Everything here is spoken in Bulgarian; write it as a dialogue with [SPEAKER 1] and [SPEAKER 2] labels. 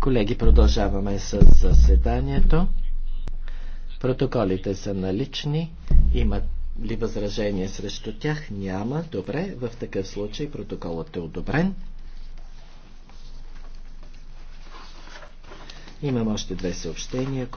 [SPEAKER 1] Колеги, продължаваме с заседанието.
[SPEAKER 2] Протоколите са налични. Има ли възражение срещу тях? Няма. Добре, в такъв случай протоколът е одобрен. Имам още две съобщения.